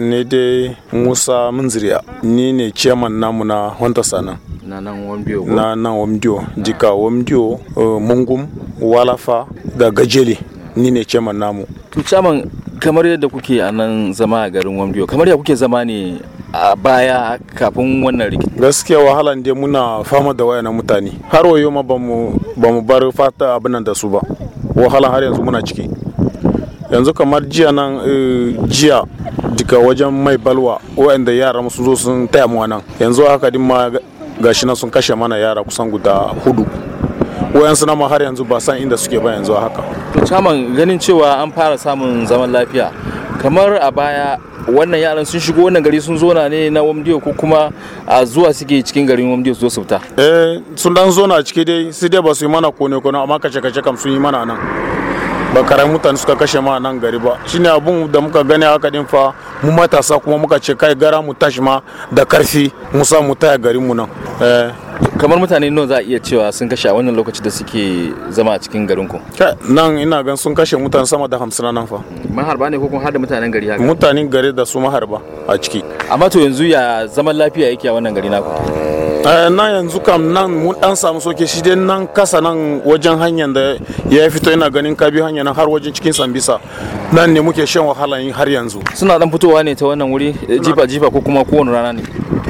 Ni dai Musa Munziriya, ni ne ciyaman namu na Honda sana Na nan Wamdiyo. jika Wamdiyo, uh, Mungum, Walafa da Gajele, ni ne ciyaman namu. To ciyaman kamar yadda kuke a nan zama a garin Wamdiyo, kamar yadda kuke zama ne a baya kafin wannan rikici. Gaskiya wahalan dai muna fama da na mutane. Har wayo ma ba mu bar fata abin da su ba. Wahala har yanzu muna ciki. Yanzu kamar jiya nan uh, jiya daga wajen mai balwa waɗanda yara sun zo sun taya mu nan yanzu haka din ma gashi nan sun kashe mana yara kusan guda hudu wayansu na har yanzu ba san inda suke ba yanzu haka to chairman ganin cewa an fara samun zaman lafiya kamar a baya wannan yaran sun shigo wannan gari sun zona ne na wamdiyo ko kuma a zuwa suke cikin garin wamdiyo su zo fita eh sun dan zona ciki dai sai dai ba su yi mana kone kone amma kace kace kam sun yi mana nan ba karai mutane suka kashe ma nan gari ba shine abun da muka gani haka din fa mu matasa kuma muka ce kai gara mu tashi ma da karfi mu sa mu taya garin mu nan eh. kamar mutane nawa za a iya cewa sun kashe a wannan lokaci da suke zama a cikin garin ku nan ina gan sun kashe mutane sama da 50 nan fa hmm, maharba ne ko kuma har da mutanen gari haka mutanen gari da su maharba a ciki amma to yanzu ya zaman lafiya yake a wannan gari naku Eh, na yanzu kam nan mun dan samu soke shi dai nan kasa nan wajen hanyar da ya fito yana ganin kabi hanyar nan har wajen cikin sambisa nan ne muke shan wahala har yanzu suna dan fitowa ne ta wannan wuri eh, jifa jifa ko kuma kowane rana ne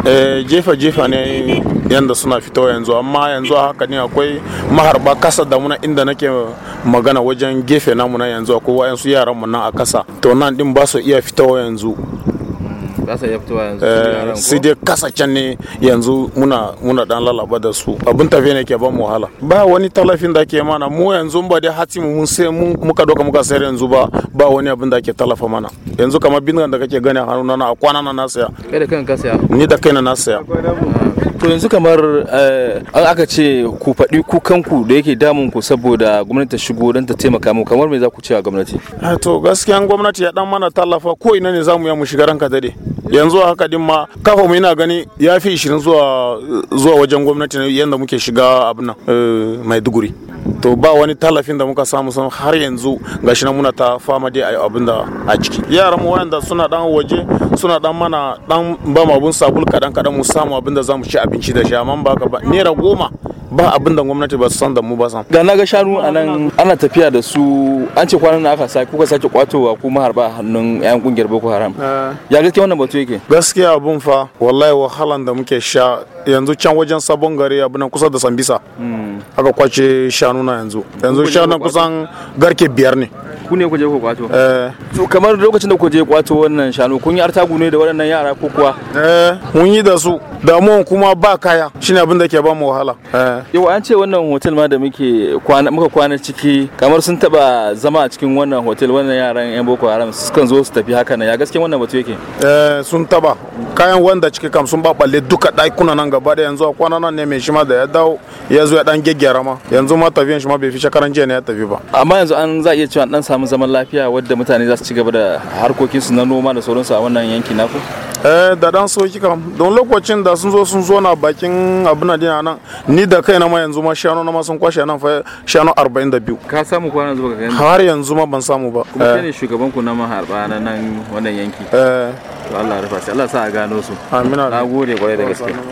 eh, jefa jefa ne yanda suna fitowa yanzu amma yanzu haka ne akwai maharba kasa da muna inda nake magana wajen gefe namu na yanzu akwai wayansu yaran mu nan a kasa to nan din ba su iya fitowa yanzu Eh, sai dai kasa can ne yanzu muna muna dan lalaba da su abin tafe ne ke ban wahala ba wani talafin da ke mana mu yanzu ba dai hati mu mun sai mu muka doka muka sayar yanzu ba ba wani abin da ke talafa mana yanzu kamar bindigan da kake gani a hannu na a kwana na na saya kai da kanka saya ni da kai na saya to yanzu kamar eh, an aka ce ku faɗi ku kanku da yake damun ku saboda gwamnati ta shigo don ta taimaka mu kamar me za ku ce a gwamnati ah, to gaskiya gwamnati ya dan mana tallafa ko ina ne zamu ya mu shiga ranka dade yanzu haka din ma kafa mu yana gani ya fi shirin zuwa zuwa wajen gwamnati yadda muke shiga abin nan eh, maiduguri to ba wani tallafin da muka samu san har yanzu gashi nan muna ta fama dai abin da a ciki yaran mu wayanda suna dan waje suna dan mana dan ba mu abun sabul kadan kadan mu samu abin da zamu ci abinci da shi amma ba ka ba naira goma ba abin da gwamnati ba su san da mu ba san Gana ga shanu a nan ana tafiya da su an ce kwanan aka sa kuka sake kwatowa kuma harba hannun yan kungiyar boko haram eh. ya gaskiya wannan batu yake gaskiya abun fa wallahi wahalan da muke sha yanzu can wajen sabon gari abu nan kusa da sambisa aka kwace shanu na yanzu yanzu shanu kusan garke biyar ne ku ne kuje ku kwato eh. to kamar lokacin da kuje kwato wannan shanu kun yi artagu ne da waɗannan yara ko kuwa eh mun yi da su damuwan kuma ba kaya shine abin da ke ba mu wahala eh. yau an ce wannan hotel ma da muke kwana muka kwana ciki kamar sun taba zama a cikin wannan hotel wannan yaran yan boko haram sukan zo su tafi haka na ya gaskiya wannan batu yake eh sun taba kayan wanda cike kam sun baballe duka ɗakuna nan gaba da yanzu a kwana nan ne mai shi da ya dawo ya zo ya dan gyaggyara ma yanzu ma tafiyan shi bai fi shekaran jiya ne ya tafi ba amma yanzu an za iya cewa dan samu zaman lafiya wadda mutane za su ci gaba da harkokin su na noma da sauransu a wannan yanki naku Eh, da dan soki kam don lokacin da sun zo sun zo na bakin abin da dina nan ni da kaina ma yanzu ma shanu na ma sun kwashe nan fa shanu 42 ka samu kwana zuwa yanzu har yanzu ma ban samu ba kuma shine eh. shugaban ku na maharba na nan wannan yanki eh to Allah ya rufa sai Allah sa a gano su amina nagode kwarai da gaske